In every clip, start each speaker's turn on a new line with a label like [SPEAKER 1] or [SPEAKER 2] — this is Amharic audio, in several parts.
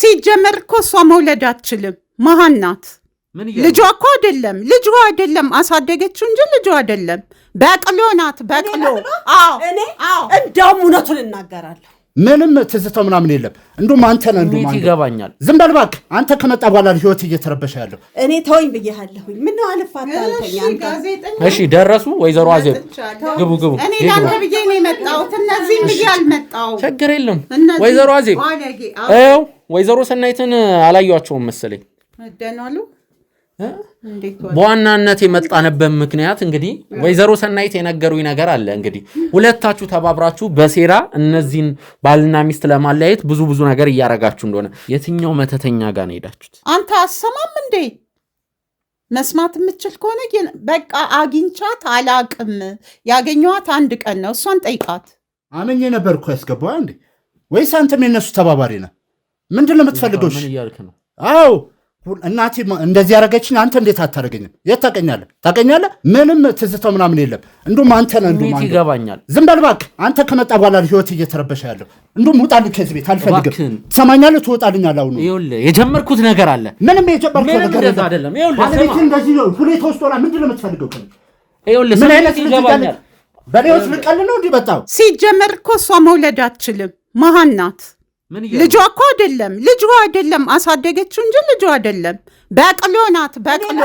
[SPEAKER 1] ሲጀመር እኮ እሷ መውለድ አትችልም። መሀን ናት። ልጇ እኮ አይደለም ልጇ አይደለም አሳደገችው እንጂ ልጇ አይደለም። በቅሎ ናት። በቅሎ። አዎ፣ እኔ እንደውም እውነቱን እናገራለሁ
[SPEAKER 2] ምንም ትዝታው ምናምን የለም። እንዲሁም አንተ ነህ እንዲሁም ይገባኛል። ዝም በል እባክህ አንተ ከመጣ በኋላ ህይወት እየተረበሸ ያለው
[SPEAKER 1] እኔ ተወኝ ብያለሁኝ። ምነው አልፋታልተኛ
[SPEAKER 2] እሺ፣ ደረሱ ወይዘሮ አዜብ ግቡ፣ ግቡ።
[SPEAKER 1] እኔ ለአንተ ብዬ ነው የመጣሁት፣ እነዚህም ብዬ አልመጣሁም።
[SPEAKER 2] ችግር የለም ወይዘሮ አዜብ ው ወይዘሮ ሰናይትን አላየኋቸውም መሰለኝ ደህና ዋሉ በዋናነት የመጣንበት ምክንያት እንግዲህ ወይዘሮ ሰናይት የነገሩኝ ነገር አለ። እንግዲህ ሁለታችሁ ተባብራችሁ በሴራ እነዚህን ባልና ሚስት ለማለያየት ብዙ ብዙ ነገር እያረጋችሁ እንደሆነ የትኛው መተተኛ ጋር ነው ሄዳችሁት?
[SPEAKER 1] አንተ አሰማም እንዴ? መስማት የምችል ከሆነ በቃ አግኝቻት አላቅም። ያገኘኋት አንድ ቀን ነው። እሷን ጠይቃት።
[SPEAKER 2] አመኜ ነበር እኮ ያስገባዋ እንዴ? ወይስ አንተም የነሱ ተባባሪ ነህ? ምንድን ነው የምትፈልገው? አዎ እናቴ እንደዚህ ያደረገችኝ አንተ እንዴት አታደረገኝም? የት ታቀኛለህ ታቀኛለህ? ምንም ትዝተው ምናምን የለም። እንዲሁም አንተ ነህ እንዲሁም ይገባኛል። ዝም በል እባክህ። አንተ ከመጣ በኋላ ህይወት እየተረበሸ ያለው እንዲሁም ውጣልኝ ከዚህ ቤት አልፈልግም። ትሰማኛለህ? ትወጣልኛለህ። አሁን ይኸውልህ የጀመርኩት ነገር አለ። ምንም የጀመርኩት ነገር አይደለም። ባለቤት እንደዚህ ነው ሁኔታ ውስጥ ሆና ምንድን ነው የምትፈልገው? ምን አይነት በሌሎች ልቀል ነው እንዲህ በጣም
[SPEAKER 1] ሲጀመር እኮ እሷ መውለድ አትችልም መሀን ናት ልጇ እኮ አይደለም ልጇ አይደለም አሳደገችው እንጂ ልጇ አይደለም። በቅሎ ናት በቅሎ።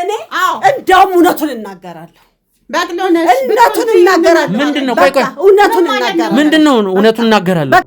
[SPEAKER 1] እኔ እንደውም እውነቱን እናገራለሁ በቅሎ ነች። እውነቱን እናገራለሁ።
[SPEAKER 2] ምንድን ነው ቆይ ቆይ፣ እውነቱን እናገራለሁ። ምንድን ነው እውነቱን እናገራለሁ።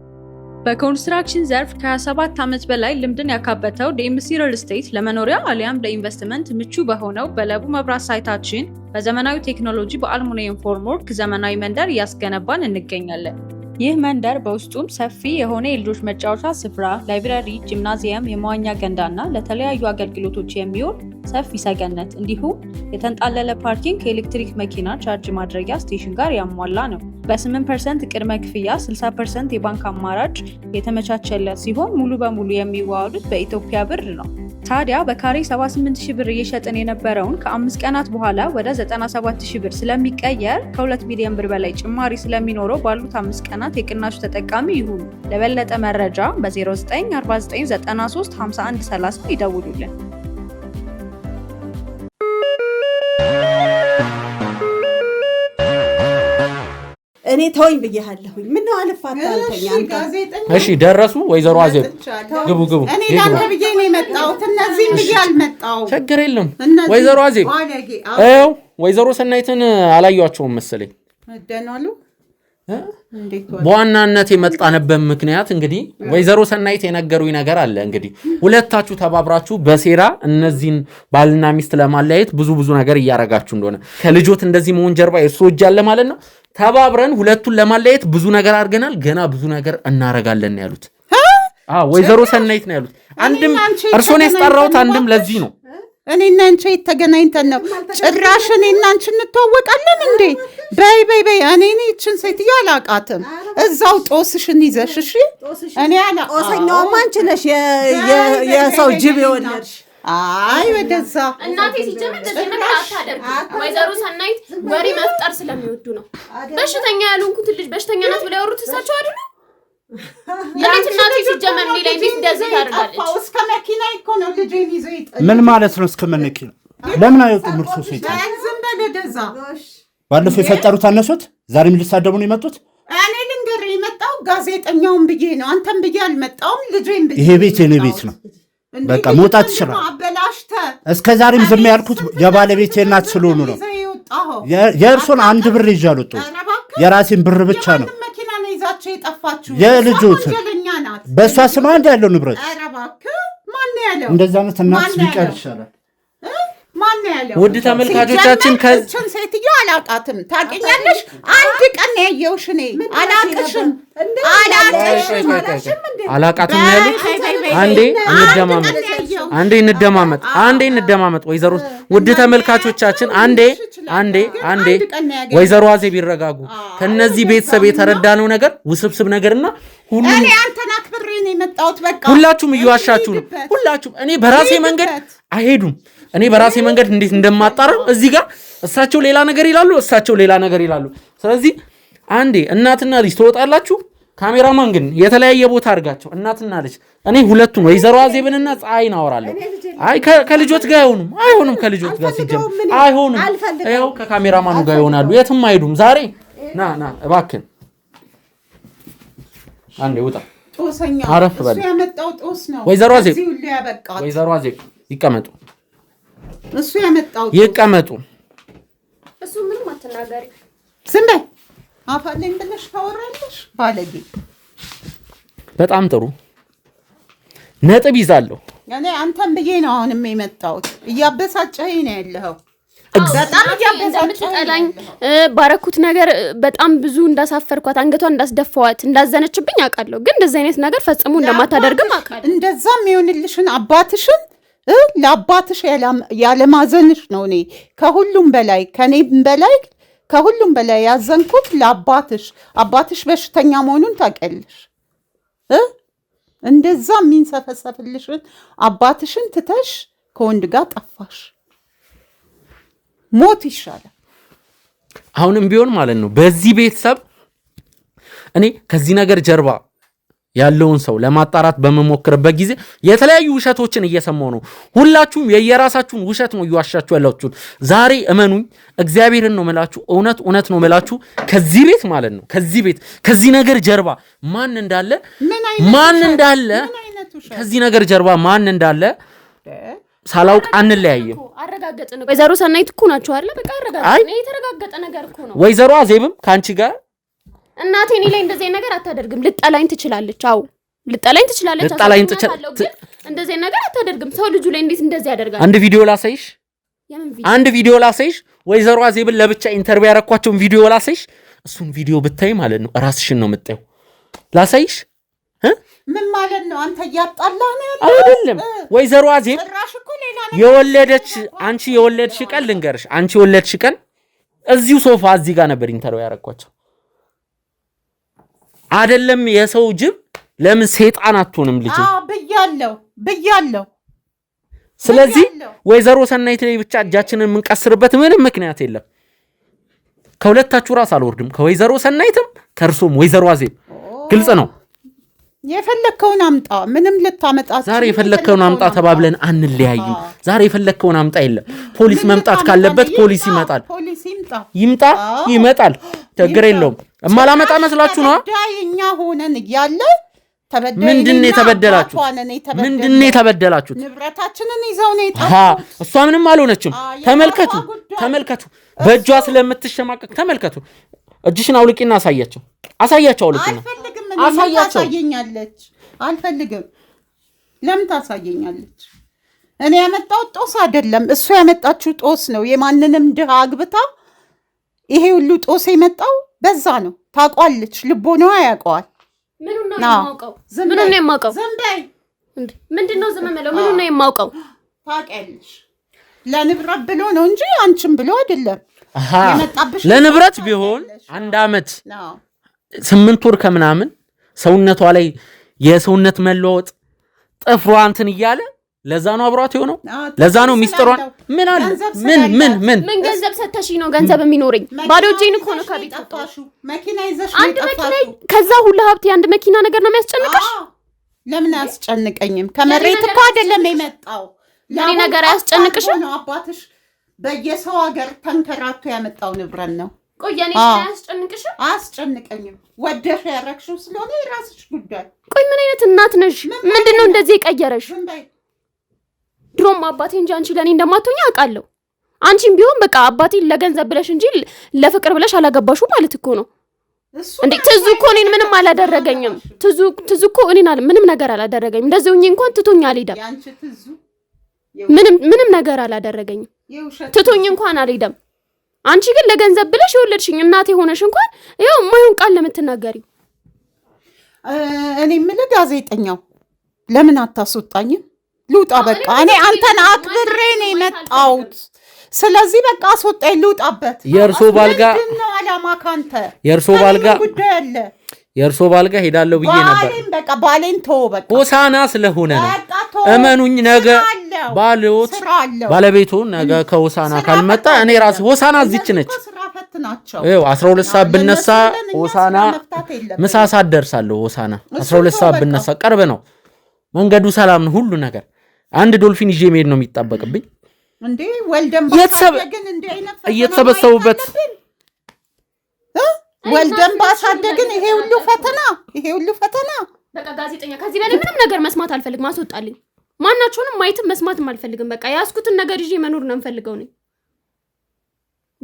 [SPEAKER 3] በኮንስትራክሽን ዘርፍ ከ27 ዓመት በላይ ልምድን ያካበተው ዴምሲ ሪል ስቴት ለመኖሪያ አሊያም ለኢንቨስትመንት ምቹ በሆነው በለቡ መብራት ሳይታችን በዘመናዊ ቴክኖሎጂ በአልሙኒየም ፎርምወርክ ዘመናዊ መንደር እያስገነባን እንገኛለን። ይህ መንደር በውስጡም ሰፊ የሆነ የልጆች መጫወቻ ስፍራ፣ ላይብራሪ፣ ጂምናዚየም፣ የመዋኛ ገንዳ እና ለተለያዩ አገልግሎቶች የሚውል ሰፊ ሰገነት እንዲሁም የተንጣለለ ፓርኪንግ ከኤሌክትሪክ መኪና ቻርጅ ማድረጊያ ስቴሽን ጋር ያሟላ ነው። በ8 ፐርሰንት ቅድመ ክፍያ 60 ፐርሰንት የባንክ አማራጭ የተመቻቸለት ሲሆን ሙሉ በሙሉ የሚዋሉት በኢትዮጵያ ብር ነው። ታዲያ በካሬ 78 ብር እየሸጥን የነበረውን ከአምስት ቀናት በኋላ ወደ 97000 ብር ስለሚቀየር ከ2 ሚሊዮን ብር በላይ ጭማሪ ስለሚኖረው ባሉት አምስት ቀናት የቅናሹ ተጠቃሚ ይሁኑ። ለበለጠ መረጃ በ0949935130 ይደውሉልን።
[SPEAKER 1] እኔ ተወኝ ብያለሁኝ። ምነው አልፋታልተኛ
[SPEAKER 2] እሺ፣ ደረሱ ወይዘሮ አዜብ ግቡ፣ ግቡ።
[SPEAKER 1] እኔ ለአንተ ብዬ ነው የመጣሁት፣ እነዚህም ብዬ አልመጣሁም።
[SPEAKER 2] ችግር የለም ወይዘሮ አዜብ። ይኸው ወይዘሮ ሰናይትን አላየኋቸውም መሰለኝ። ደህና ዋሉ። በዋናነት የመጣንበት ምክንያት እንግዲህ ወይዘሮ ሰናይት የነገሩኝ ነገር አለ። እንግዲህ ሁለታችሁ ተባብራችሁ በሴራ እነዚህን ባልና ሚስት ለማለያየት ብዙ ብዙ ነገር እያረጋችሁ እንደሆነ ከልጆት እንደዚህ መሆን ጀርባ የእሱ እጅ አለ ማለት ነው። ተባብረን ሁለቱን ለማለያየት ብዙ ነገር አድርገናል፣ ገና ብዙ ነገር እናረጋለን ያሉት ወይዘሮ ሰናይት ነው ያሉት። አንድም እርሶን ያስጠራሁት አንድም ለዚህ ነው
[SPEAKER 1] እኔ እና አንቺ የት ተገናኝተን ነው? ጭራሽ እኔ እና አንቺ እንተዋወቃለን እንዴ? በይ በይ በይ፣ እኔ እኔ ይችን ሴትዮ አላውቃትም። እዛው ጦስሽን ይዘሽ እሺ። እኔ አላ ጦሰኛውማ አንቺ ነሽ፣ የሰው ጅብ የወለድሽ አይ ወደዛ
[SPEAKER 4] እናቴ ሲጀምር እንደዚህ ነገር አታደርግም። ወይዘሮ ሰናይት ወሬ መፍጠር ስለሚወዱ ነው። በሽተኛ ያሉንኩት ልጅ በሽተኛ ናት ብለው ያወሩት እሳቸው እንዴት እናቴ ሲጀመር እኔ ላይ እንዴት እንደዚህ ታደርጋለች?
[SPEAKER 1] እስከ መኪና እኮ ነው ልጄን ይዞ
[SPEAKER 2] ምን ማለት ነው? እስከ መኪና ለምን አይወጡም? እርሶ ሰይጣን ዝም በል ደዛ ባለፈው የፈጠሩት አነሱት፣ ዛሬም ሊሳደቡ ነው የመጡት።
[SPEAKER 1] እኔ ልንገርህ የመጣው ጋዜጠኛውን ብዬ ነው፣ አንተም ብዬ አልመጣውም። ልጄን ብዬ
[SPEAKER 2] ይሄ ቤት የኔ ቤት ነው። በቃ መውጣት ይችላል። እስከ ዛሬም ዝም ያልኩት የባለቤቴ እናት ስለሆኑ ነው። የእርሶን አንድ ብር ይዤ አልወጡም። የራሴን ብር ብቻ ነው የልጆትን እኛ ናት። በእሷ ስም አንድ ያለው ንብረት። ኧረ እባክህ ማነው ያለው? እንደዚህ አይነት እናት ቢቀር ይሻላል። ውድ ተመልካቾቻችን ከዚህ
[SPEAKER 1] ሴትዮ አላውቃትም። ታውቂኛለሽ? አንድ ቀን ነው ያየሁሽ። እኔ አላቅሽም አላቅሽም
[SPEAKER 2] አላውቃትም ያለች። አንዴ እንደማመጥ አንዴ እንደማመጥ አንዴ እንደማመጥ። ወይዘሮ ውድ ተመልካቾቻችን አንዴ አንዴ አንዴ ወይዘሮ አዜብ ይረጋጉ። ከነዚህ ቤተሰብ የተረዳነው ነገር ውስብስብ ነገርና ሁሉ እኔ አንተን አክብሬ ነው የመጣሁት። በቃ ሁላችሁም እየዋሻችሁ ነው። ሁላችሁም እኔ በራሴ መንገድ አይሄዱም እኔ በራሴ መንገድ እንዴት እንደማጣረ እዚህ ጋር እሳቸው ሌላ ነገር ይላሉ፣ እሳቸው ሌላ ነገር ይላሉ። ስለዚህ አንዴ እናትና ልጅ ትወጣላችሁ። ካሜራማን ግን የተለያየ ቦታ አድርጋቸው እናትና ልጅ። እኔ ሁለቱን ወይዘሮ አዜብንና ፀሐይን አወራለሁ። አይ ከልጆት ጋር አይሆኑም፣ አይሆኑም ከልጆት ጋር ሲጀም አይሆኑም። ያው ከካሜራማኑ ጋር ይሆናሉ፣ የትም አይሄዱም። ዛሬ ና ና እባክን፣ አንዴ ውጣ፣ አረፍ በል። ወይዘሮ አዜብ ይቀመጡ።
[SPEAKER 1] እሱ ያመጣው ይቀመጡ። እሱ ምንም አትናገሪ። ዝም በይ አፋለኝ ብለሽ ታወራለሽ። ባለጌ።
[SPEAKER 2] በጣም ጥሩ ነጥብ ይዛለሁ።
[SPEAKER 1] ያኔ አንተም ብዬ ነው አሁንም የመጣሁት። እያበሳጨኸኝ ነው ያለኸው።
[SPEAKER 4] በጣም እንደምትጠላኝ ባረኩት ነገር በጣም ብዙ እንዳሳፈርኳት፣ አንገቷን እንዳስደፋዋት፣ እንዳዘነችብኝ አውቃለሁ። ግን እንደዚህ አይነት ነገር ፈጽሞ እንደማታደርግም አውቃለሁ።
[SPEAKER 1] እንደዛም የሚሆንልሽን አባትሽን ለአባትሽ ያለማዘንሽ ነው። እኔ ከሁሉም በላይ ከኔም በላይ ከሁሉም በላይ ያዘንኩት ለአባትሽ አባትሽ በሽተኛ መሆኑን ታውቂያለሽ። እንደዛ የሚንሰፈሰፍልሽን አባትሽን ትተሽ ከወንድ ጋር ጠፋሽ። ሞት ይሻላል።
[SPEAKER 2] አሁንም ቢሆን ማለት ነው በዚህ ቤተሰብ እኔ ከዚህ ነገር ጀርባ ያለውን ሰው ለማጣራት በመሞክርበት ጊዜ የተለያዩ ውሸቶችን እየሰማሁ ነው። ሁላችሁም የየራሳችሁን ውሸት ነው እየዋሻችሁ ያላችሁን። ዛሬ እመኑኝ፣ እግዚአብሔርን ነው ምላችሁ፣ እውነት እውነት ነው ምላችሁ። ከዚህ ቤት ማለት ነው ከዚህ ቤት ከዚህ ነገር ጀርባ ማን እንዳለ
[SPEAKER 1] ማን እንዳለ
[SPEAKER 2] ከዚህ ነገር ጀርባ ማን እንዳለ ሳላውቅ አንለያየም።
[SPEAKER 4] ወይዘሮ ሰናይት እኮ ናቸው አለ። በቃ አረጋገጥን።
[SPEAKER 2] የተረጋገጠ ነገር እኮ ነው። ወይዘሮ አዜብም ከአንቺ ጋር
[SPEAKER 4] እናቴ እኔ ላይ እንደዚህ ነገር አታደርግም። ልጠላኝ ትችላለች። አዎ ልጠላኝ ትችላለች።
[SPEAKER 2] ልጠላኝ ትችላለች።
[SPEAKER 4] እንደዚህ ነገር አታደርግም። ሰው ልጁ ላይ እንዴት እንደዚህ ያደርጋል?
[SPEAKER 2] አንድ ቪዲዮ ላሳይሽ፣ አንድ ቪዲዮ ላሳይሽ። ወይዘሮ አዜብን ለብቻ ኢንተርቪው ያረኳቸውን ቪዲዮ ላሳይሽ። እሱን ቪዲዮ ብታይ ማለት ነው ራስሽን ነው የምታየው። ላሳይሽ።
[SPEAKER 1] ምን ማለት ነው? አንተ እያጣላህ ነው
[SPEAKER 2] ያለው። አይደለም ወይዘሮ አዜብ የወለደች አንቺ የወለድሽ ቀን ልንገርሽ፣ አንቺ የወለድሽ ቀን እዚሁ ሶፋ እዚህ ጋር ነበር ኢንተርቪው ያረኳቸው አደለም የሰው ጅብ ለምን ሴጣን አትሆንም? ልጅ
[SPEAKER 1] ብያለው ብያለው።
[SPEAKER 2] ስለዚህ ወይዘሮ ሰናይት ላይ ብቻ እጃችንን የምንቀስርበት ምንም ምክንያት የለም። ከሁለታችሁ ራስ አልወርድም፣ ከወይዘሮ ሰናይትም ከእርሶም። ወይዘሮ አዜብ ግልጽ ነው።
[SPEAKER 1] የፈለግከውን አምጣ፣ ምንም ልታመጣ
[SPEAKER 2] ዛሬ የፈለግከውን አምጣ ተባብለን አንለያይም። ዛሬ የፈለግከውን አምጣ የለም። ፖሊስ መምጣት ካለበት ፖሊስ ይመጣል፣ ይምጣ፣ ይመጣል። ችግር የለውም። እማላመጣ መስላችሁ ነው። እኛ ሆነን እያለ ምንድን የተበደላችሁ? ምንድን ነው የተበደላችሁት? ንብረታችንን ይዘው ነው የጠፉት። እሷ ምንም አልሆነችም። ተመልከቱ፣ ተመልከቱ በእጇ ስለምትሸማቀቅ ተመልከቱ። እጅሽን አውልቂና አሳያቸው፣ አሳያቸው፣ አውልቂና አሳያቸው። ታሳየኛለች? አልፈልግም። ለምን ታሳየኛለች? እኔ ያመጣሁት ጦስ አይደለም፣ እሱ ያመጣችው ጦስ ነው። የማንንም ድሃ አግብታ ይሄ ሁሉ ጦስ የመጣው በዛ ነው። ታውቋለች፣ ልቦናዋ ያውቀዋል። ምኑን ነው የማውቀው? ምንድን ነው ዝም ብለው? ምኑን ነው የማውቀው? ታውቂያለሽ፣ ለንብረት ብሎ ነው እንጂ አንቺም ብሎ አይደለም። ለንብረት ቢሆን አንድ አመት ስምንት ወር ከምናምን ሰውነቷ ላይ የሰውነት መለወጥ ጥፍሯ እንትን እያለ ለዛ ነው አብሯት የሆነው። ለዛ ነው ሚስጥሯን ምን አለ ምን ምን ምን ምን ገንዘብ ሰተሽኝ ነው ገንዘብ የሚኖረኝ ባዶ እጄን እኮ ነው ከቤት አንድ መኪና ከዛ ሁሉ ሀብት የአንድ መኪና ነገር ነው የሚያስጨንቀሽ። ለምን አያስጨንቀኝም? ከመሬት እኮ አይደለም የመጣው ለኔ ነገር አያስጨንቅሽም። አባትሽ በየሰው ሀገር ተንከራቶ ያመጣው ንብረት ነው። ቆየኔ የኔ አያስጨንቅሽም? አያስጨንቀኝም። ወደሽ ያረግሽው ስለሆነ የራስሽ ጉዳይ። ቆይ ምን አይነት እናት ነሽ? ምንድን ነው እንደዚህ የቀየረሽ? ድሮም አባቴ እንጂ አንቺ ለእኔ እንደማትሆኝ አውቃለሁ። አንቺም ቢሆን በቃ አባቴን ለገንዘብ ብለሽ እንጂ ለፍቅር ብለሽ አላገባሹ ማለት እኮ ነው እንዴ። ትዙ እኮ እኔን ምንም አላደረገኝም። ትዙ ትዙ እኮ እኔን ምንም ነገር አላደረገኝም። እንደዚህ ሆኜ እንኳን ትቶኝ አልሄደም። ምንም ምንም ነገር አላደረገኝም። ትቶኝ እንኳን አልሄደም። አንቺ ግን ለገንዘብ ብለሽ የወለድሽኝ እናቴ ሆነሽ እንኳን ይኸው ማይሆን ቃል ለምትናገሪው እኔ ምን ጋዜጠኛው ለምን አታስወጣኝም? ልውጣ በቃ። እኔ አንተን አክብሬ ነው የመጣሁት። ስለዚህ በቃ አስወጣኝ፣ ልውጣበት። የእርሶ ባልጋ ነው አላማ ካንተ የእርሶ ባልጋ ጉዳይ አለ። የእርሶ ባልጋ ሄዳለሁ ብዬ ነበር። በቃ ባሌን ተወው። በቃ ሆሳና ስለሆነ ነው። እመኑኝ ነገ ባልዎት ባለቤቱ ነገ ከሆሳና ካልመጣ እኔ ራስ ሆሳና እዚች ነች። ይኸው 12 ሰዓት ብነሳ ሆሳና ምሳ ሰዓት ደርሳለሁ። ሆሳና 12 ሰዓት ብነሳ ቅርብ ነው መንገዱ፣ ሰላም ነው ሁሉ ነገር አንድ ዶልፊን ይዤ መሄድ ነው የሚጣበቅብኝ። እየተሰበሰቡበት ወልደን ባሳደግን ይሄ ሁሉ ፈተና ይሄ ሁሉ ፈተና። በቃ ጋዜጠኛ፣ ከዚህ በላይ ምንም ነገር መስማት አልፈልግም። አስወጣልኝ። ማናቸውንም ማየትም መስማትም አልፈልግም። በቃ የያዝኩትን ነገር ይዤ መኖር ነው የምፈልገው ነኝ።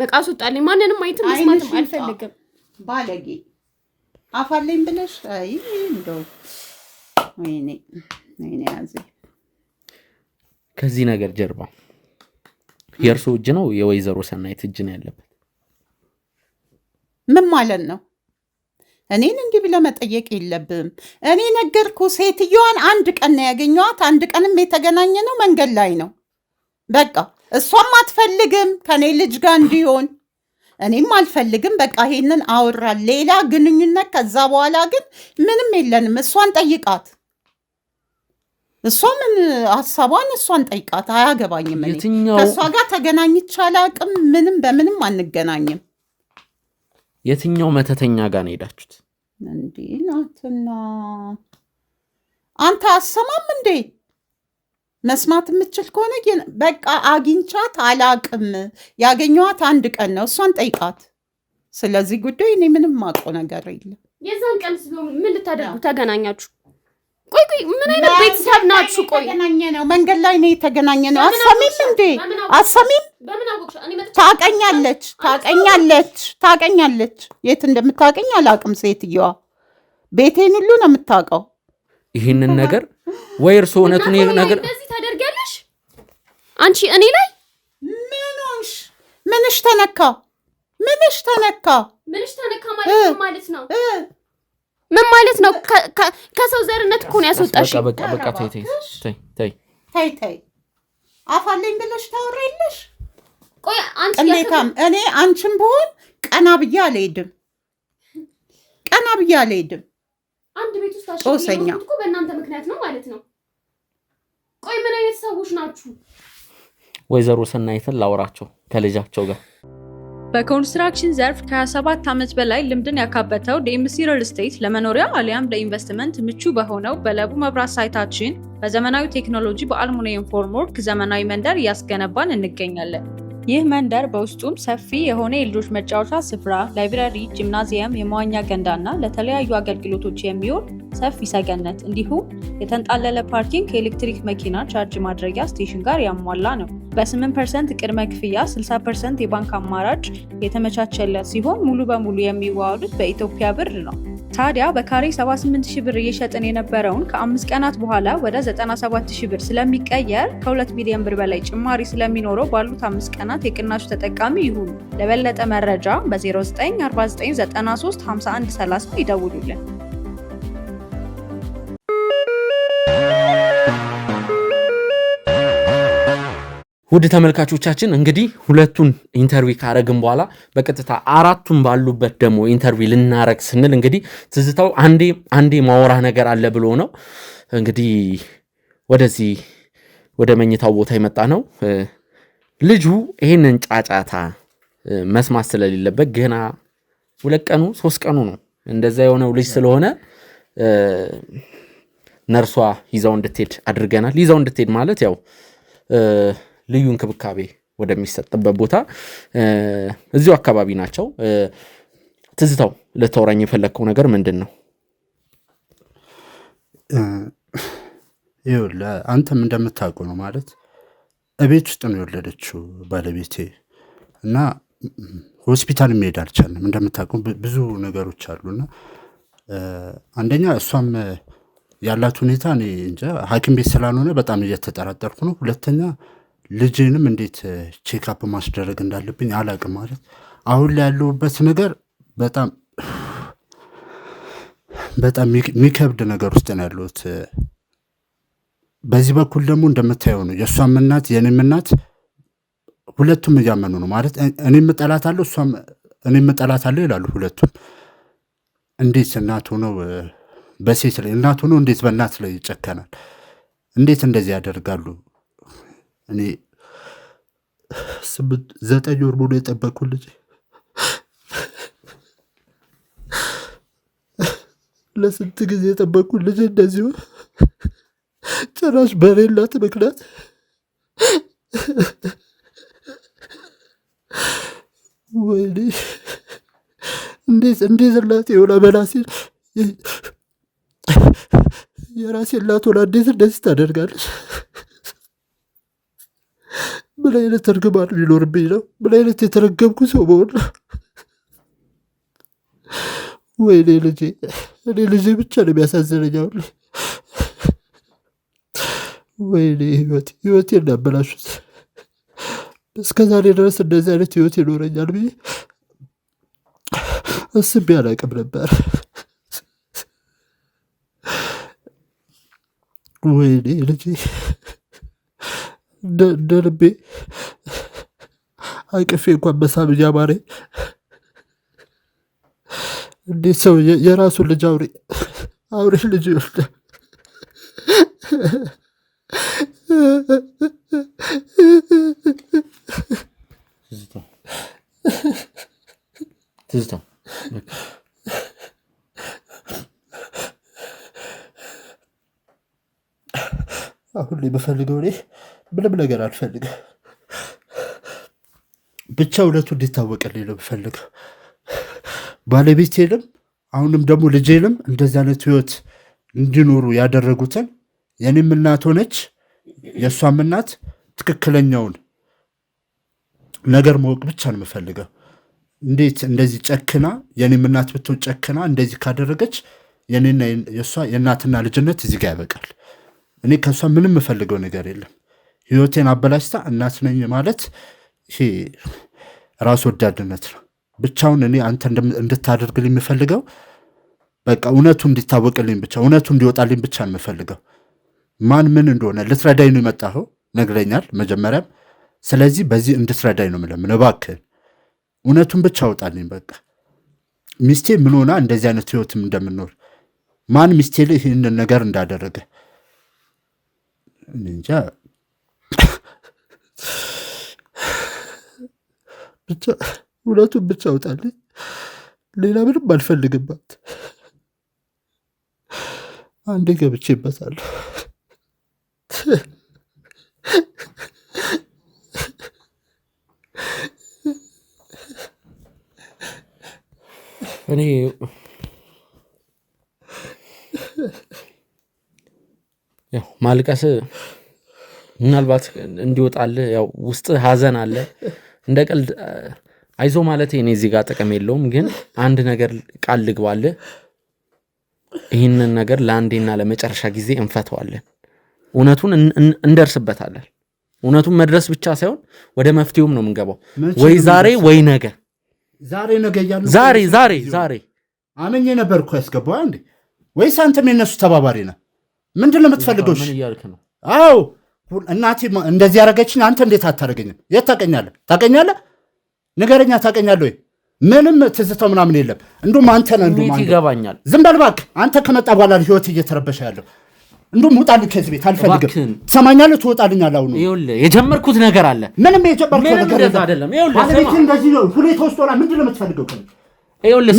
[SPEAKER 2] በቃ አስወጣልኝ። ማንንም ማየትም መስማትም አልፈልግም። ባለጌ አፋለኝ ብለሽ አይ እንደው ወይኔ ወይኔ ያዘኝ ከዚህ ነገር ጀርባ የእርሶ እጅ ነው የወይዘሮ ሰናይት እጅ ነው ያለበት? ምን ማለት ነው? እኔን እንዲህ ብለህ መጠየቅ የለብም። እኔ ነገርኩ ሴትዮዋን አንድ ቀን ነው ያገኘዋት አንድ ቀንም የተገናኘ ነው መንገድ ላይ ነው። በቃ እሷም አትፈልግም ከኔ ልጅ ጋር እንዲሆን፣ እኔም አልፈልግም። በቃ ይሄንን አወራል። ሌላ ግንኙነት ከዛ በኋላ ግን ምንም የለንም። እሷን ጠይቃት እሷ ምን ሀሳቧን እሷን ጠይቃት፣ አያገባኝም። እኔ ከእሷ ጋር ተገናኝቼ አላውቅም። ምንም በምንም አንገናኝም። የትኛው መተተኛ ጋር ነው ሄዳችሁት? እንዲህ ናትና አንተ አሰማም እንዴ? መስማት የምችል ከሆነ በቃ አግኝቻት አላውቅም። ያገኘኋት አንድ ቀን ነው። እሷን ጠይቃት ስለዚህ ጉዳይ። እኔ ምንም ማውቀው ነገር የለም። የዛን ቀን ምን ልታደርጉ ተገናኛችሁ? ቆይ ቆይ፣ ምን አይነት ቤተሰብ ናችሁ? ቆይ ነው መንገድ ላይ ነው የተገናኘ ነው። አሰሚም እንዴ አሰሚም ታቀኛለች፣ ታቀኛለች፣ ታቀኛለች። የት እንደምታቀኝ አላቅም። ሴትየዋ ቤቴን ሁሉ ነው የምታውቀው። ይህንን ነገር ወይ እርሶ እውነቱን ነገር ታደርጊያለሽ አንቺ እኔ ላይ ምንሽ ምንሽ ተነካ? ምንሽ ተነካ? ምንሽ ተነካ ማለት ነው ምን ማለት ነው? ከሰው ዘርነት እኮ ነው ያስወጣሽ። በቃ በቃ ተይ ተይ ተይ ተይ ተይ አፋለኝ ብለሽ ታወሪልሽ። ቆይ እኔ አንቺም ብሆን ቀና ብዬ አልሄድም፣ ቀና ብዬ አልሄድም። አንድ ቤት ውስጥ ጦሰኛ እኮ በእናንተ ምክንያት ነው ማለት ነው። ቆይ ምን አይነት ሰዎች ናችሁ? ወይዘሮ ሰናይትን ላውራቸው ከልጃቸው ጋር በኮንስትራክሽን ዘርፍ ከ27 ዓመት በላይ ልምድን ያካበተው ዲኤምሲ ሪል ስቴት ለመኖሪያ አሊያም ለኢንቨስትመንት ምቹ በሆነው በለቡ መብራት ሳይታችን በዘመናዊ ቴክኖሎጂ በአልሙኒየም ፎርምወርክ ዘመናዊ መንደር እያስገነባን እንገኛለን። ይህ መንደር በውስጡም ሰፊ የሆነ የልጆች መጫወቻ ስፍራ፣ ላይብራሪ፣ ጂምናዚየም፣ የመዋኛ ገንዳ እና ለተለያዩ አገልግሎቶች የሚውል ሰፊ ሰገነት እንዲሁም የተንጣለለ ፓርኪንግ ከኤሌክትሪክ መኪና ቻርጅ ማድረጊያ ስቴሽን ጋር ያሟላ ነው። በ8 ፐርሰንት ቅድመ ክፍያ 60 ፐርሰንት የባንክ አማራጭ የተመቻቸለት ሲሆን ሙሉ በሙሉ የሚዋዋሉት በኢትዮጵያ ብር ነው። ታዲያ በካሬ 78 ሺ ብር እየሸጥን የነበረውን ከአምስት ቀናት በኋላ ወደ 97 ሺ ብር ስለሚቀየር ከ2 ሚሊዮን ብር በላይ ጭማሪ ስለሚኖረው ባሉት አምስት ቀናት የቅናሹ ተጠቃሚ ይሁኑ። ለበለጠ መረጃ በ0949935130 ይደውሉልን። ውድ ተመልካቾቻችን እንግዲህ ሁለቱን ኢንተርቪ ካረግን በኋላ በቀጥታ አራቱን ባሉበት ደግሞ ኢንተርቪ ልናረግ ስንል እንግዲህ ትዝታው አንዴ አንዴ ማወራ ነገር አለ ብሎ ነው እንግዲህ ወደዚህ ወደ መኝታው ቦታ የመጣ ነው። ልጁ ይህንን ጫጫታ መስማት ስለሌለበት ገና ሁለት ቀኑ ሶስት ቀኑ ነው እንደዛ የሆነው ልጅ ስለሆነ ነርሷ ይዘው እንድትሄድ አድርገናል። ይዘው እንድትሄድ ማለት ያው ልዩ እንክብካቤ ወደሚሰጥበት ቦታ እዚሁ አካባቢ ናቸው። ትዝታው ልታወራኝ የፈለግከው ነገር ምንድን ነው? አንተም እንደምታውቁ ነው ማለት እቤት ውስጥ ነው የወለደችው ባለቤቴ እና ሆስፒታል መሄድ አልቻለም። እንደምታውቁ ብዙ ነገሮች አሉና አንደኛ እሷም ያላት ሁኔታ እኔ እንጃ ሐኪም ቤት ስላልሆነ በጣም እየተጠራጠርኩ ነው። ሁለተኛ ልጅንም እንዴት ቼክአፕ ማስደረግ እንዳለብኝ አላውቅም። ማለት አሁን ላይ ያለሁበት ነገር በጣም በጣም የሚከብድ ነገር ውስጥ ነው ያለሁት። በዚህ በኩል ደግሞ እንደምታየው ነው የእሷም እናት የእኔም እናት ሁለቱም እያመኑ ነው ማለት እኔም ጠላት አለው እሷም እኔ ጠላት አለው ይላሉ ሁለቱም። እንዴት እናት ሆኖ በሴት ላይ እናት ሆኖ እንዴት በእናት ላይ ይጨከናል? እንዴት እንደዚህ ያደርጋሉ? እኔ ስምንት ዘጠኝ ወር ሙሉ የጠበቅኩ ልጅ ለስንት ጊዜ የጠበቅኩ ልጅ እንደዚሁ ጭራሽ በሌላት ምክንያት ወይኔ እንዴት እንዴት እናት የሆነ በላሴ የራሴ እናት ሆና እንዴት እንደዚህ ታደርጋለች? ምን አይነት እርግማን ሊኖርብኝ ነው? ምን አይነት የተረገምኩ ሰው መሆን ወይኔ ልጄ፣ እኔ ልጄ ብቻ ነው የሚያሳዝነኝ። አሁን ወይኔ ህይወት ህይወት እናበላሹት። እስከ ዛሬ ድረስ እንደዚህ አይነት ህይወት ይኖረኛል ብዬ አስቤ አላቅም ነበር። ወይኔ ልጄ ደርቤ አቅፌ እንኳን መሳም እያማረኝ እንዴት ሰው የራሱ ልጅ አውሬ አውሬ ልጅ ይወልደ ትዝታ አሁን ላይ በፈልገው እኔ ምንም ነገር አልፈልግም። ብቻ እውነቱ እንዲታወቅልኝ ነው የምፈልገው። ባለቤቴንም አሁንም ደግሞ ልጄንም እንደዚህ አይነት ህይወት እንዲኖሩ ያደረጉትን የኔም እናት ሆነች የእሷም እናት ትክክለኛውን ነገር ማወቅ ብቻ ነው የምፈልገው። እንዴት እንደዚህ ጨክና የኔም እናት ብትሆን ጨክና እንደዚህ ካደረገች የኔና የእሷ የእናትና ልጅነት እዚህ ጋር ያበቃል። እኔ ከእሷ ምንም የምፈልገው ነገር የለም። ህይወቴን አበላሽታ እናት ነኝ ማለት ራስ ወዳድነት ነው። ብቻውን እኔ አንተ እንድታደርግልኝ የምፈልገው በቃ እውነቱ እንዲታወቅልኝ ብቻ እውነቱ እንዲወጣልኝ ብቻ የምፈልገው ማን ምን እንደሆነ ልትረዳኝ ነው የመጣኸው ነግረኛል መጀመሪያም። ስለዚህ በዚህ እንድትረዳኝ ነው የምለምን፣ እባክህን እውነቱን ብቻ አውጣልኝ። በቃ ሚስቴ ምን ሆና እንደዚህ አይነት ህይወትም እንደምኖር ማን ሚስቴ ላይ ይህንን ነገር እንዳደረገ እንጃ። ብቻ እውነቱን ብቻ አውጣልኝ። ሌላ ምንም አልፈልግባት። አንዴ ገብቼበታለሁ። እኔ ያው ማልቀስ ምናልባት እንዲወጣል ያው ውስጥ ሀዘን አለ እንደ ቀልድ አይዞ ማለት እኔ እዚህ ጋር ጥቅም የለውም፣ ግን አንድ ነገር ቃል ልግባልህ፣ ይህንን ነገር ለአንዴና ለመጨረሻ ጊዜ እንፈተዋለን፣ እውነቱን እንደርስበታለን። እውነቱን መድረስ ብቻ ሳይሆን ወደ መፍትሄውም ነው የምንገባው፣ ወይ ዛሬ ወይ ነገ፣ ዛሬ ነገ እያሉ ዛሬ ዛሬ ዛሬ አመኜ ነበር እኮ ያስገባው እንዴ! ወይስ አንተም የነሱ ተባባሪ ነህ? ምንድን ነው የምትፈልገው? ምን እያልክ ነው? አዎ እናቴ እንደዚህ ያደረገችኝ አንተ እንዴት አታደረገኝም? የት ታቀኛለህ? ታቀኛለህ? ንገረኛ ታቀኛለህ ወይ? ምንም ትዝተው ምናምን የለም። እንዱም አንተ ነህ እንዱም ይገባኛል። ዝም በል እባክህ። አንተ ከመጣ በኋላ ህይወት እየተረበሸ ያለው እንዱም ውጣልኝ ከዚህ ቤት አልፈልግም። ትሰማኛለህ? ትወጣልኛለህ። አሁኑ የጀመርኩት ነገር አለ። ምንም የጀመርኩት ነገር አይደለም። ባለቤት እንደዚህ ሁኔታ ውስጥ ሆና ምንድን ነው የምትፈልገው?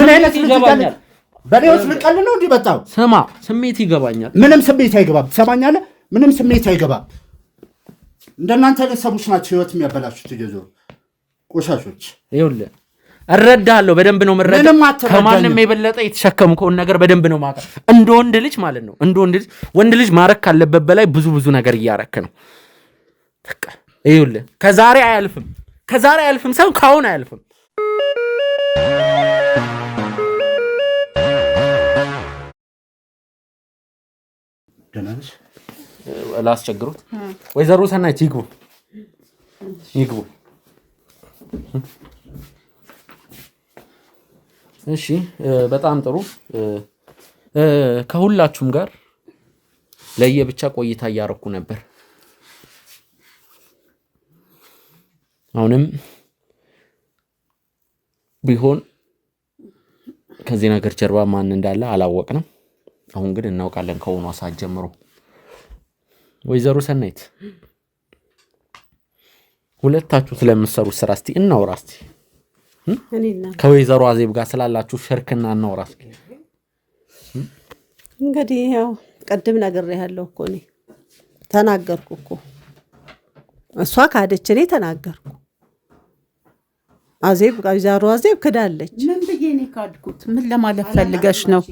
[SPEAKER 2] ምን አይነት ይገባኛል። በሌሎች ልቀል ነው እንዲህ በጣም ስማ፣ ስሜት ይገባኛል። ምንም ስሜት አይገባም። ትሰማኛለህ? ምንም ስሜት አይገባም። እንደናንተ አይነት ሰዎች ናቸው ህይወት የሚያበላሹት እየዞሩ ቆሻሾች። ይኸውልህ እረዳለሁ፣ በደንብ ነው መረዳ። ከማንም የበለጠ የተሸከምከውን ነገር በደንብ ነው ማቀ እንደ ወንድ ልጅ ማለት ነው። እንደ ወንድ ልጅ ወንድ ልጅ ማረክ ካለበት በላይ ብዙ ብዙ ነገር እያረክ ነው። ይኸውልህ ከዛሬ አያልፍም፣ ከዛሬ አያልፍም፣ ሰው ካሁን አያልፍም። ደህና ነሽ? ላስቸግሮት። ወይዘሮ ሰናይት ይግቡ ይግቡ። እሺ፣ በጣም ጥሩ። ከሁላችሁም ጋር ለየብቻ ቆይታ እያረኩ ነበር። አሁንም ቢሆን ከዚህ ነገር ጀርባ ማን እንዳለ አላወቅንም። አሁን ግን እናውቃለን ከሆኗ ሰዓት ጀምሮ ወይዘሮ ሰናይት ሁለታችሁ ስለምሰሩት ስራ እስቲ እናውራ። እስቲ ከወይዘሮ አዜብ ጋር ስላላችሁ ሽርክና እናውራ እስኪ። እንግዲህ ያው ቅድም ነገር ያለው እኮ እኔ ተናገርኩ እኮ እሷ ካደች፣ እኔ ተናገርኩ። አዜብ ወይዘሮ አዜብ ክዳለች። ምን ብዬ እኔ ካድኩት? ምን ለማለት ፈልገሽ ነው?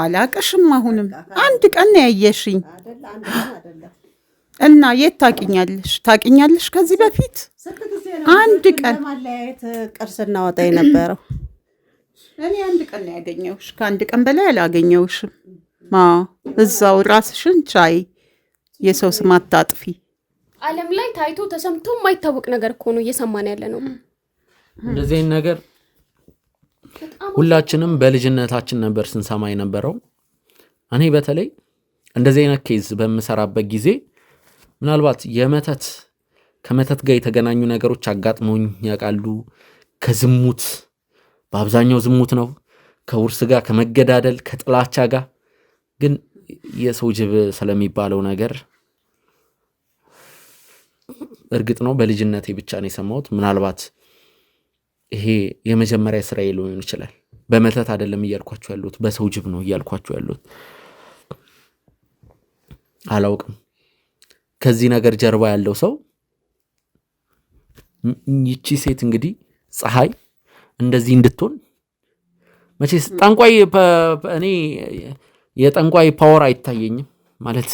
[SPEAKER 2] አላቀሽም። አሁንም አንድ ቀን ያየሽኝ። እና የት ታቂኛለሽ ታቂኛለሽ ከዚህ በፊት አንድ ቀን ቅርስ እናወጣ የነበረው እኔ አንድ ቀን ነው ያገኘሁሽ። ከአንድ ቀን በላይ አላገኘሁሽም። እዛው ራስሽን ቻይ፣ የሰው ስም አታጥፊ። ዓለም ላይ ታይቶ ተሰምቶ የማይታወቅ ነገር እኮ ነው እየሰማን ያለ ነው። እንደዚህ ነገር ሁላችንም በልጅነታችን ነበር ስንሰማ የነበረው። እኔ በተለይ እንደዚህ አይነት ኬዝ በምሰራበት ጊዜ ምናልባት የመተት ከመተት ጋር የተገናኙ ነገሮች አጋጥመውኝ ያውቃሉ። ከዝሙት በአብዛኛው ዝሙት ነው። ከውርስ ጋር፣ ከመገዳደል፣ ከጥላቻ ጋር ግን የሰው ጅብ ስለሚባለው ነገር እርግጥ ነው በልጅነቴ ብቻ ነው የሰማሁት። ምናልባት ይሄ የመጀመሪያ ስራዬ ሊሆን ይችላል። በመተት አይደለም እያልኳቸው ያሉት፣ በሰው ጅብ ነው እያልኳቸው ያሉት። አላውቅም። ከዚህ ነገር ጀርባ ያለው ሰው ይቺ ሴት እንግዲህ ፀሐይ እንደዚህ እንድትሆን መቼ ጠንቋይ እኔ የጠንቋይ ፓወር አይታየኝም። ማለት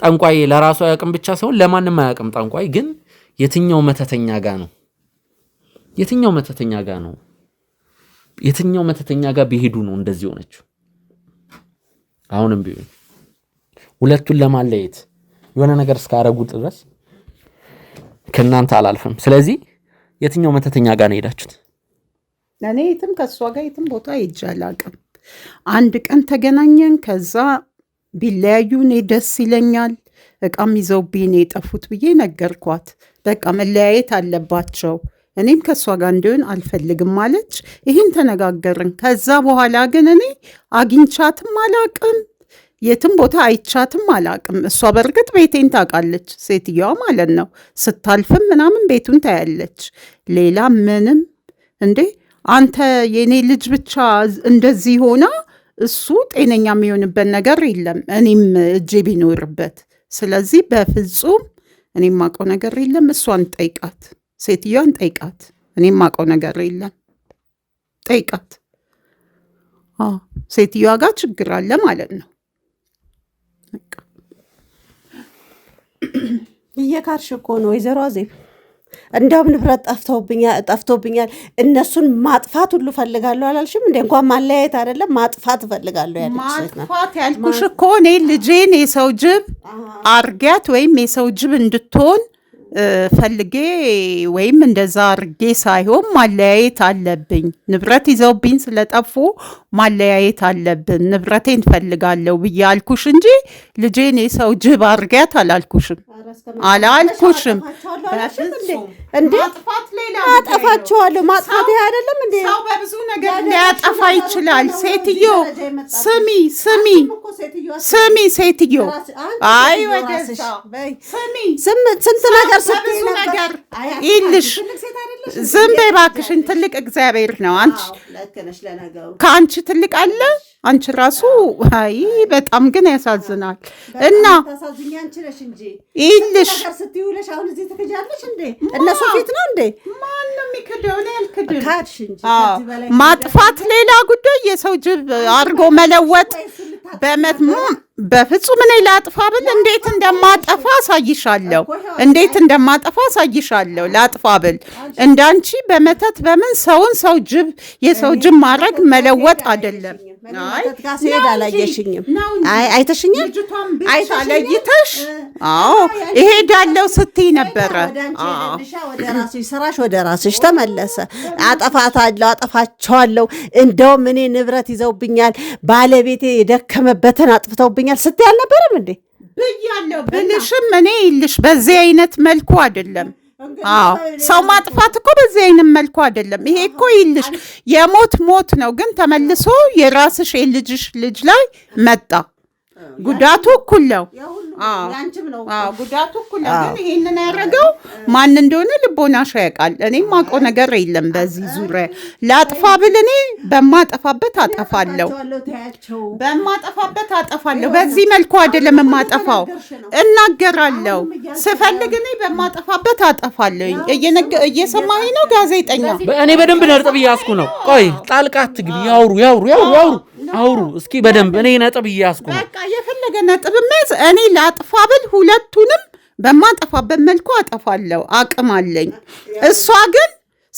[SPEAKER 2] ጠንቋይ ለራሱ አያውቅም ብቻ ሳይሆን ለማንም አያውቅም። ጠንቋይ ግን የትኛው መተተኛ ጋ ነው? የትኛው መተተኛ ጋ ነው? የትኛው መተተኛ ጋ ቢሄዱ ነው እንደዚህ ሆነችው? አሁንም ቢሆን ሁለቱን ለማለየት የሆነ ነገር እስካረጉት ድረስ ከእናንተ አላልፍም። ስለዚህ የትኛው መተተኛ ጋር ነው ሄዳችሁት? እኔ የትም ከእሷ ጋር የትም ቦታ ሄጄ አላውቅም። አንድ ቀን ተገናኘን። ከዛ ቢለያዩ እኔ ደስ ይለኛል። እቃም ይዘውብኝ ነው የጠፉት ብዬ ነገርኳት። በቃ መለያየት አለባቸው እኔም ከእሷ ጋር እንዲሆን አልፈልግም ማለች። ይህን ተነጋገርን። ከዛ በኋላ ግን እኔ አግኝቻትም አላውቅም የትም ቦታ አይቻትም አላቅም። እሷ በእርግጥ ቤቴን ታውቃለች፣ ሴትዮዋ ማለት ነው። ስታልፍም ምናምን ቤቱን ታያለች። ሌላ ምንም እንዴ አንተ የኔ ልጅ ብቻ እንደዚህ ሆና እሱ ጤነኛ የሚሆንበት ነገር የለም፣ እኔም እጄ ቢኖርበት። ስለዚህ በፍጹም እኔ ማቀው ነገር የለም። እሷን ጠይቃት፣ ሴትዮዋን ጠይቃት። እኔ ማቀው ነገር የለም፣ ጠይቃት። ሴትዮዋ ጋር ችግር አለ ማለት ነው። እየካድሽ እኮ ነው ወይዘሮ አዜብ። እንዲያውም ንብረት ጠፍቶብኛል፣ እነሱን ማጥፋት ሁሉ ፈልጋለሁ አላልሽም? እንደ እንኳን ማለያየት አይደለም ማጥፋት ፈልጋለሁ ያለች ማጥፋት ያልኩሽ እኮ እኔ ልጄን የሰው ጅብ አርጊያት ወይም የሰው ጅብ እንድትሆን ፈልጌ ወይም እንደዛ አርጌ ሳይሆን ማለያየት አለብኝ። ንብረት ይዘውብኝ ስለጠፉ ማለያየት አለብን። ንብረቴን ፈልጋለሁ ብዬ አልኩሽ እንጂ ልጄን የሰው ጅብ አርጊያት አላልኩሽም፣ አላልኩሽም። አጠፋችኋለሁ ማጥፋት አይደለም እንዴ? ሰው በብዙ ነገር ሊያጠፋ ይችላል። ሴትዮ ስሚ፣ ስሚ፣ ስሚ፣ ሴትዮ አይ ወደ ስሚ ስንት ነገር ስትይ ነገር ይልሽ ዝም በይ እባክሽን። ትልቅ እግዚአብሔር ነው። አንቺ ከአንቺ ትልቅ አለ አንቺ ራሱ አይ በጣም ግን ያሳዝናል። እና ይልሽ እነሱ ፊት ነው እንዴ ማጥፋት ሌላ ጉዳይ፣ የሰው ጅብ አድርጎ መለወጥ በፍጹም እኔ ላጥፋ ብል እንዴት እንደማጠፋ አሳይሻለሁ። እንዴት እንደማጠፋ አሳይሻለሁ። ላጥፋ ብል እንዳንቺ በመተት በምን ሰውን ሰው ጅብ የሰው ጅብ ማድረግ መለወጥ አይደለም። ሄድ አላየሽኝም? አይተሽኛል? ለይተሽ? አዎ እሄዳለሁ ስትይ ነበረ። ስራሽ ወደ ራስሽ ተመለሰ። አጠፋታለሁ፣ አጠፋቸዋለሁ፣ እንደውም እኔ ንብረት ይዘውብኛል፣ ባለቤቴ የደከመበትን አጥፍተውብኛል ስትይ አልነበረም እንዴ? ብልሽም እኔ ይልሽ በዚህ አይነት መልኩ አይደለም አዎ ሰው ማጥፋት እኮ በዚህ አይነት መልኩ አይደለም። ይሄ እኮ ይልሽ የሞት ሞት ነው፣ ግን ተመልሶ የራስሽ የልጅሽ ልጅ ላይ መጣ ጉዳቱ እኩል ነው። ጉዳቱ እኩል ነው። ግን ይሄንን ያደረገው ማን እንደሆነ ልቦናሽ ያውቃል። እኔም ማውቀው ነገር የለም በዚህ ዙሪያ ላጥፋ ብል እኔ በማጠፋበት አጠፋለሁ፣ በማጠፋበት አጠፋለሁ። በዚህ መልኩ አይደለም የማጠፋው፣ እናገራለሁ ስፈልግ እኔ በማጠፋበት ነው ጋዜጠኛ? እኔ በደንብ እያስኩ ነው። ቆይ ጣልቃ አትግቢ። ያውሩ ያውሩ ያውሩ አውሩ እስኪ በደንብ እኔ ነጥብ እያስኩ ነው የፈለገ ነጥብ መያዝ እኔ ላጥፋ ብል ሁለቱንም በማጠፋበት መልኩ አጠፋለሁ፣ አቅም አለኝ። እሷ ግን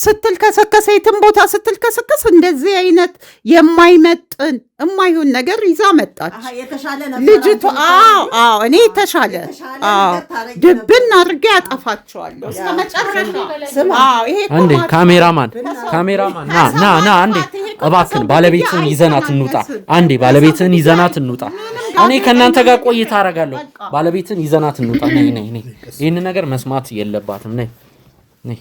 [SPEAKER 2] ስትልከሰከሰ የትም ቦታ ስትልከሰከስ እንደዚህ አይነት የማይመጥን የማይሆን ነገር ይዛ መጣች ልጅቱ። አዎ አዎ፣ እኔ የተሻለ ድብን አድርጌ ያጠፋቸዋለሁ እስከ መጨረሻ። ካሜራማን ካሜራማን፣ ና ና አንዴ እባክን ባለቤትን ይዘናት እንውጣ። አንዴ ባለቤትን ይዘናት እንውጣ። እኔ ከእናንተ ጋር ቆይታ አረጋለሁ። ባለቤትን ይዘናት እንውጣ። ይህን ነገር መስማት የለባትም። ነይ ነይ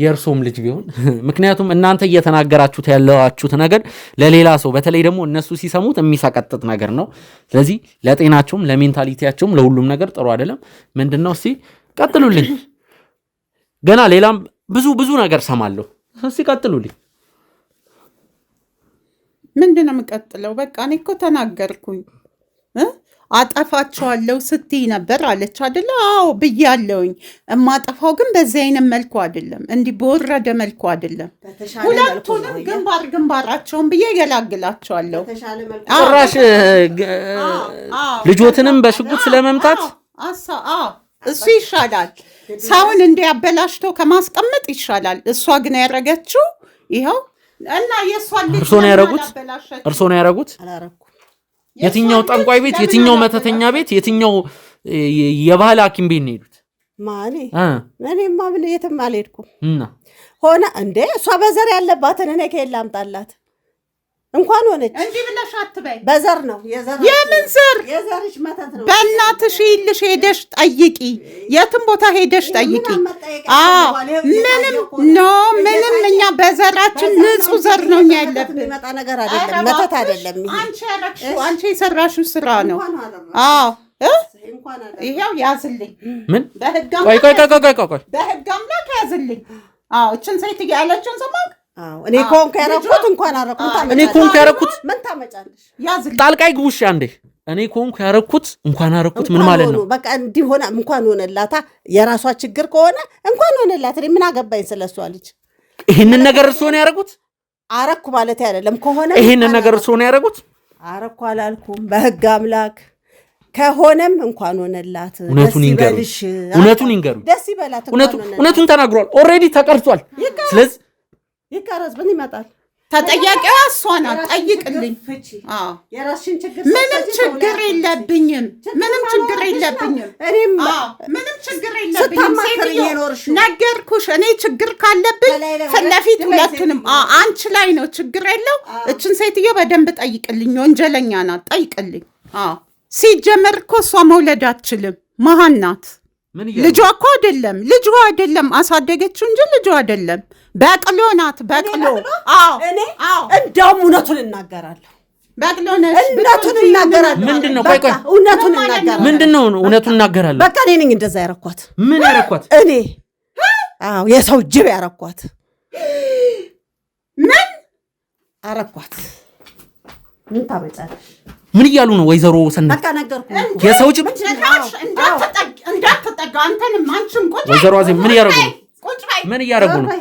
[SPEAKER 2] የእርሶም ልጅ ቢሆን ምክንያቱም እናንተ እየተናገራችሁት ያለዋችሁት ነገር ለሌላ ሰው በተለይ ደግሞ እነሱ ሲሰሙት የሚሰቀጥጥ ነገር ነው። ስለዚህ ለጤናቸውም፣ ለሜንታሊቲያቸውም፣ ለሁሉም ነገር ጥሩ አይደለም። ምንድን ነው ቀጥሉልኝ። ገና ሌላም ብዙ ብዙ ነገር ሰማለሁ። እስቲ ቀጥሉልኝ። ምንድን ነው የምቀጥለው? በቃ እኔ እኮ ተናገርኩኝ። አጠፋቸዋለሁ ስትይ ነበር አለች አደለ? አዎ ብያለውኝ። እማጠፋው ግን በዚህ አይነት መልኩ አይደለም፣ እንዲህ በወረደ መልኩ አደለም። ሁለቱንም ግንባር ግንባራቸውን ብዬ ገላግላቸዋለሁ። ራሽ ልጆትንም በሽጉት ስለመምታት እሱ ይሻላል፣ ሰውን እንዲህ ከማስቀመጥ ይሻላል። እሷ ግን ያረገችው ይኸው እና የእሷን ልጅ እርሶ ነው ያደረጉት? የትኛው ጠንቋይ ቤት፣ የትኛው መተተኛ ቤት፣ የትኛው የባህል ሐኪም ቤት ነው የሄዱት? ማሊ እኔማ ምን የትም አልሄድኩም። ሆነ እንዴ እሷ በዘር ያለባትን እኔ ከየት ላምጣላት? እንኳን ሆነች እንዲህ ብለሽ አትበይ። በዘር ነው የምን ዘር? በእናትሽ ይልሽ ሄደሽ ጠይቂ፣ የትም ቦታ ሄደሽ ጠይቂ። አዎ ምንም ኖ ምንም እኛ በዘራችን ንጹህ ዘር ነው እኛ ያለብን። የሚመጣ ነገር አይደለም፣ መተት አይደለም። ይሄ አንቺ የሰራሽው ስራ ነው። አዎ ይሄው ያዝልኝ። ምን ቆይ ቆይ ቆይ ቆይ በህግ አምላክ ያዝልኝ። አዎ እችን ሴት ያለችን ሰማክ እኔ ከሆንኩ ያረኩት እንኳን አረኩት። እኔ ከሆንኩ ያረኩት ምን ታመጫለሽ? ጣልቃ ይግቡሽ አንዴ። እኔ ከሆንኩ ያረኩት እንኳን አረኩት ምን ማለት ነው? በቃ እንዲህ እንኳን ሆነላታ። የራሷ ችግር ከሆነ እንኳን ሆነላት። እኔ ምን አገባኝ ስለሷ ልጅ። ይህንን ነገር እርስዎ ነው ያደረጉት? አረኩ ማለት አይደለም ከሆነ ይህንን ነገር እርስዎ ነው ያደረጉት? አረኩ አላልኩም። በህግ አምላክ ከሆነም እንኳን ሆነላት። እውነቱን ይንገሩ፣ እውነቱን ይንገሩ። ደስ ይበላት። እውነቱን ተናግሯል። ኦልሬዲ ተቀርጿል። ስለዚህ ይቀረጽ ብን ይመጣል? ተጠያቂዋ እሷ ናት። ጠይቅልኝ። ምንም ችግር የለብኝም። ምንም ችግር የለብኝም። ምንም ችግር የለብኝም። ነገርኩሽ። እኔ ችግር ካለብኝ ፊት ለፊት ሁለቱንም አንቺ ላይ ነው ችግር የለው። እችን ሴትዮ በደንብ ጠይቅልኝ። ወንጀለኛ ናት። ጠይቅልኝ። ሲጀመር እኮ እሷ መውለድ አትችልም። መሀን ናት። ልጇ እኮ አይደለም ልጇ አይደለም አሳደገችው እንጂ ልጇ አይደለም። በቅሎ ናት በቅሎ። እኔ እንደውም እውነቱን እናገራለሁ በቅሎ እውነቱን እናገራለሁ። ምንድን ነው እውነቱን እናገራለሁ። በቃ እኔ ነኝ እንደዛ ያረኳት። ምን ያረኳት? እኔ አዎ፣ የሰው ጅብ ያረኳት። ምን አረኳት? ምን ታመጫለሽ? ምን እያሉ ነው? ወይዘሮ ሰናይ የሰው ወይዘሮ አዜብ ምን እያደረጉ ነው? ምን እያደረጉ ነው?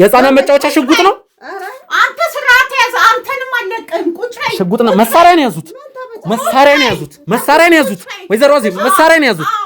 [SPEAKER 2] የህፃናት መጫወቻ ሽጉጥ ነው። አንተ ስርዓት ያዝ። አንተንም ቁጭ በይ። ሽጉጥ ነው። መሳሪያ ነው የያዙት። መሳሪያ ነው የያዙት። መሳሪያ ነው የያዙት። ወይዘሮ አዜብ መሳሪያ ነው የያዙት።